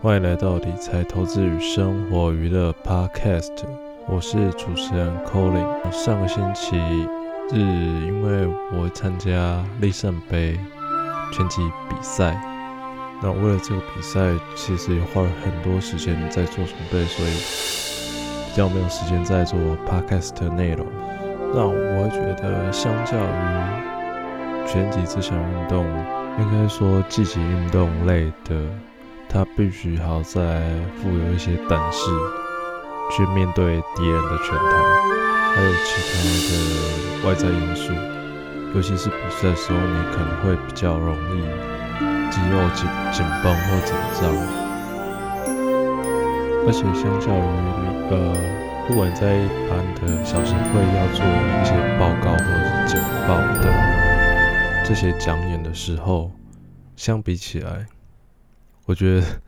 歡迎來到理財投資與生活娛樂 Podcast，我是主持人 Colin。上個星期日，因為我參加立勝盃拳擊比賽，那為了這個比賽，其實也花了很多時間在做準備，所以比較沒有時間在做 Podcast 內容。那我會覺得，相較於拳擊這項運動，應該說技擊運動類的。他必須好在富有一些膽識，去面對敵人的拳頭，還有其他的外在因素。尤其是比賽的時候，你可能會比較容易肌肉緊緊繃或緊張。而且相較於呃，不管在一般的小型會議，要做一些報告或者是簡報的這些講演的時候，相比起來。我覺得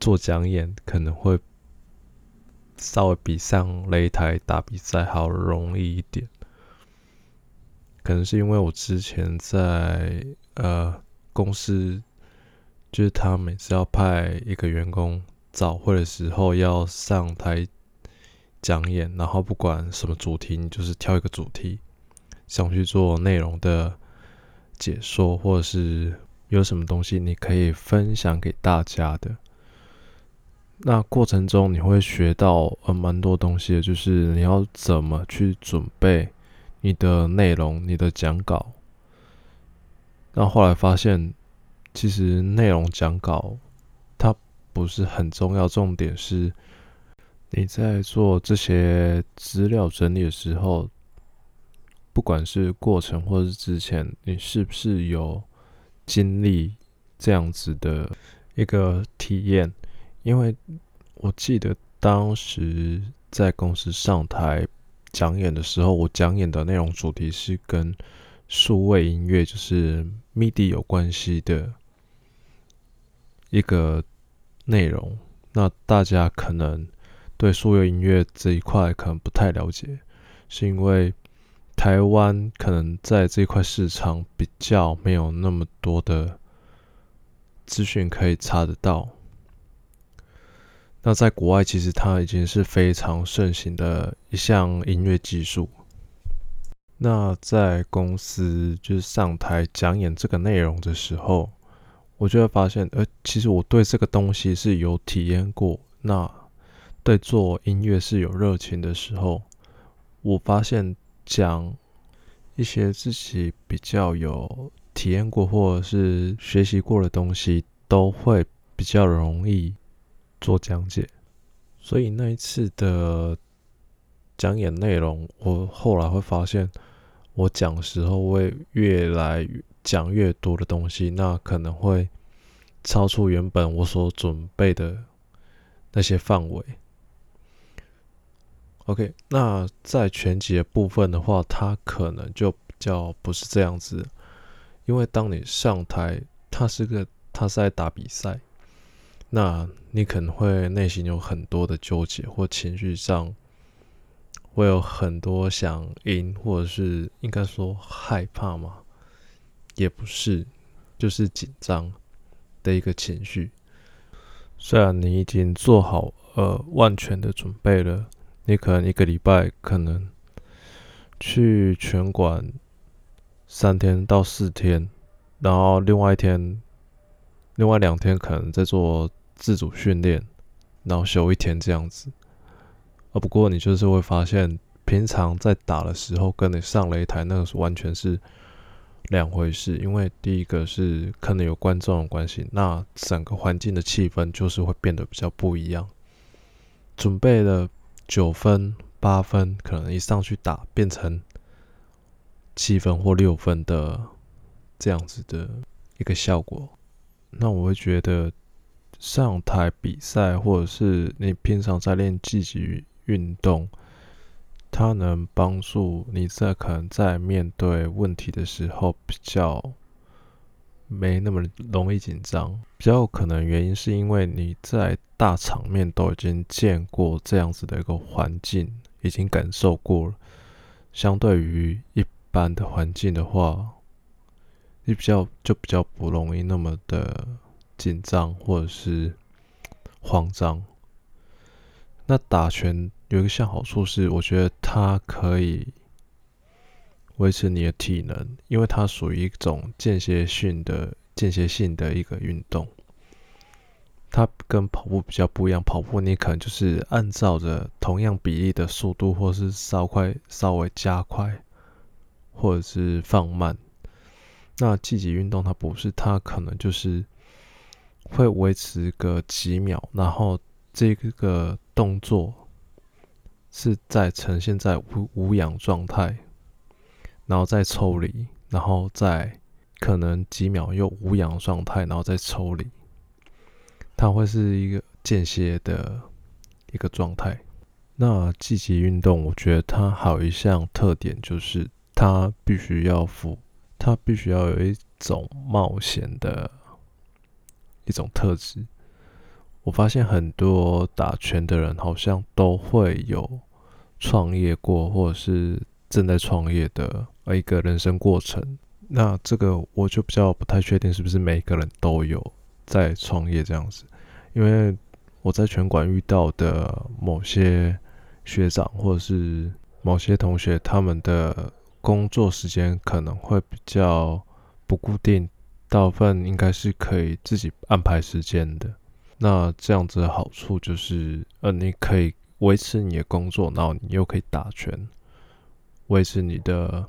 做講演可能會稍微比上擂台打比賽好容易一點，可能是因為我之前在呃公司，就是他每次要派一個員工早會的時候要上台講演，然後不管什麼主題，你就是挑一個主題想去做內容的解說，或者是。有什麼東西你可以分享給大家的？那過程中你會學到呃蠻多東西的，就是你要怎麼去準備你的內容、你的講稿。那後來發現，其實內容講稿它不是很重要，重點是你在做這些資料整理的時候，不管是過程或是之前，你是不是有。經歷這樣子的一個體驗，因為我記得當時在公司上台講演的時候，我講演的內容主題是跟數位音樂，就是 MIDI 有關係的一個內容。那大家可能對數位音樂這一塊可能不太了解，是因為。台灣可能在這塊市場比較沒有那麼多的資訊可以查得到。那在國外，其實它已經是非常盛行的一項音樂技術。那在公司就是上台講演這個內容的時候，我就會發現，呃、欸，其實我對這個東西是有體驗過。那對做音樂是有熱情的時候，我發現。講一些自己比較有體驗過或者是學習過的東西，都會比較容易做講解。所以那一次的講演內容，我後來會發現，我講時候會越來講越多的東西，那可能會超出原本我所準備的那些範圍。OK，那在拳擊的部分的話，他可能就比較不是這樣子，因為當你上台，他是個，他是在打比賽，那你可能會內心有很多的糾結，或情緒上會有很多想贏，或者是應該說害怕嘛，也不是，就是緊張的一個情緒，雖然你已經做好呃萬全的準備了。你可能一個禮拜可能去拳館三天到四天，然後另外一天、另外兩天可能在做自主訓練，然後休一天這樣子。啊，不過你就是會發現，平常在打的時候跟你上擂台那個是完全是兩回事，因為第一個是可能有觀眾的關係，那整個環境的氣氛就是會變得比較不一樣，準備的。九分、八分，可能一上去打變成七分或六分的這樣子的一個效果。那我會覺得上台比賽，或者是你平常在練技擊運動，它能幫助你在可能在面對問題的時候比較。沒那麼容易緊張，比較有可能原因是因為你在大場面都已經見過這樣子的一個環境，已經感受過了。相對於一般的環境的話，你比較就比較不容易那麼的緊張或者是慌張。那打拳有一個小好處是，我覺得它可以。維持你的體能，因為它屬於一種間歇性的、間歇性的一個運動。它跟跑步比較不一樣，跑步你可能就是按照着同樣比例的速度，或是稍快、稍微加快，或者是放慢。那技擊運動它不是，它可能就是會維持個幾秒，然後這個動作是在呈現在無無氧狀態。然後再抽離，然後再可能幾秒又無氧狀態，然後再抽離，它會是一個間歇的一個狀態。那技擊運動，我覺得它還有一項特點就是它必須要付，它必須要有一種冒險的一種特質。我發現很多打拳的人好像都會有創業過，或者是正在創業的，而一個人生過程，那這個我就比較不太確定，是不是每個人都有在創業這樣子？因為我在拳館遇到的某些學長或者是某些同學，他們的工作時間可能會比較不固定，大部分應該是可以自己安排時間的。那這樣子的好處就是，呃，你可以維持你的工作，然後你又可以打拳，維持你的。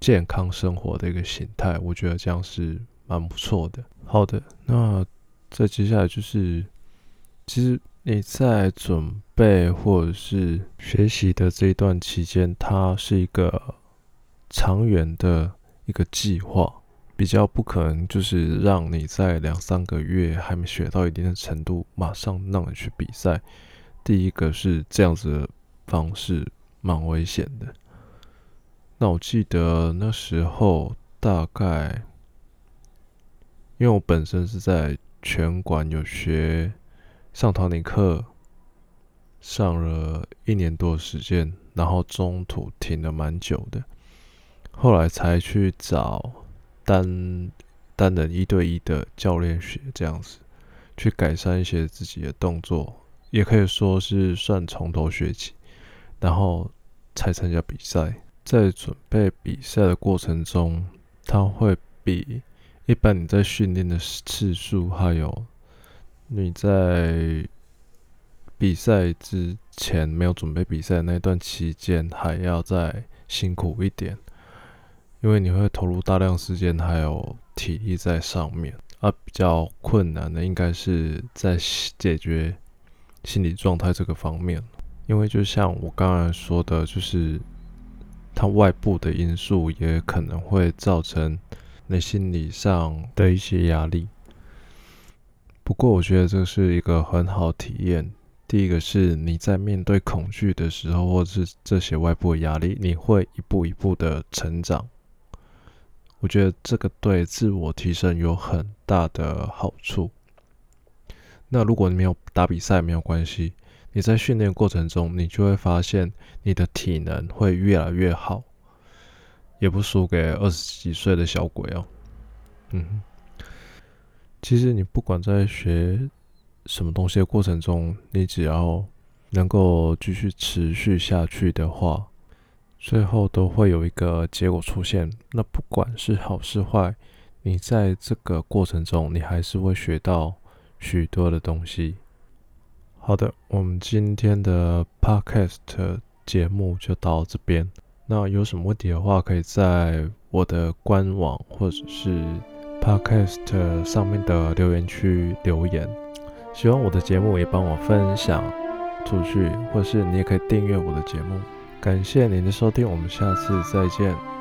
健康生活的一個形態，我覺得這樣是蠻不錯的。好的，那再接下來就是，其實你在準備或者是學習的這一段期間，它是一個長遠的一個計劃，比較不可能就是讓你在兩三個月還沒學到一定的程度，馬上讓你去比賽。第一個是這樣子的方式蠻危險的。那我記得那時候大概，因為我本身是在拳館有學上團體課，上了一年多的時間，然後中途停了蠻久的，後來才去找單單人一對一的教練學這樣子，去改善一些自己的動作，也可以說是算從頭學起，然後才參加比賽。在準備比賽的過程中，他會比一般你在訓練的次數，還有你在比賽之前沒有準備比賽那段期間，還要再辛苦一點，因為你會投入大量時間還有體力在上面。啊，比較困難的，應該是在解決心理狀態這個方面，因為就像我剛才說的，就是。它外部的因素也可能會造成你心理上的一些壓力。不過，我覺得這是一個很好體驗。第一個是你在面對恐懼的時候，或是這些外部的壓力，你會一步一步的成長。我覺得這個對自我提升有很大的好處。那如果你沒有打比賽，沒有關係。你在訓練過程中，你就會發現你的體能會越來越好，也不輸給二十幾歲的小鬼哦。嗯，其實你不管在學什麼東西的過程中，你只要能夠繼續持續下去的話，最後都會有一個結果出現，那不管是好是壞，你在這個過程中，你還是會學到許多的東西。好的，我們今天的 podcast 節目就到這邊。那有什麼問題的話，可以在我的官網或者是 podcast 上面的留言區留言。喜歡我的節目，也幫我分享出去，或是你也可以訂閱我的節目。感謝您的收聽，我們下次再見。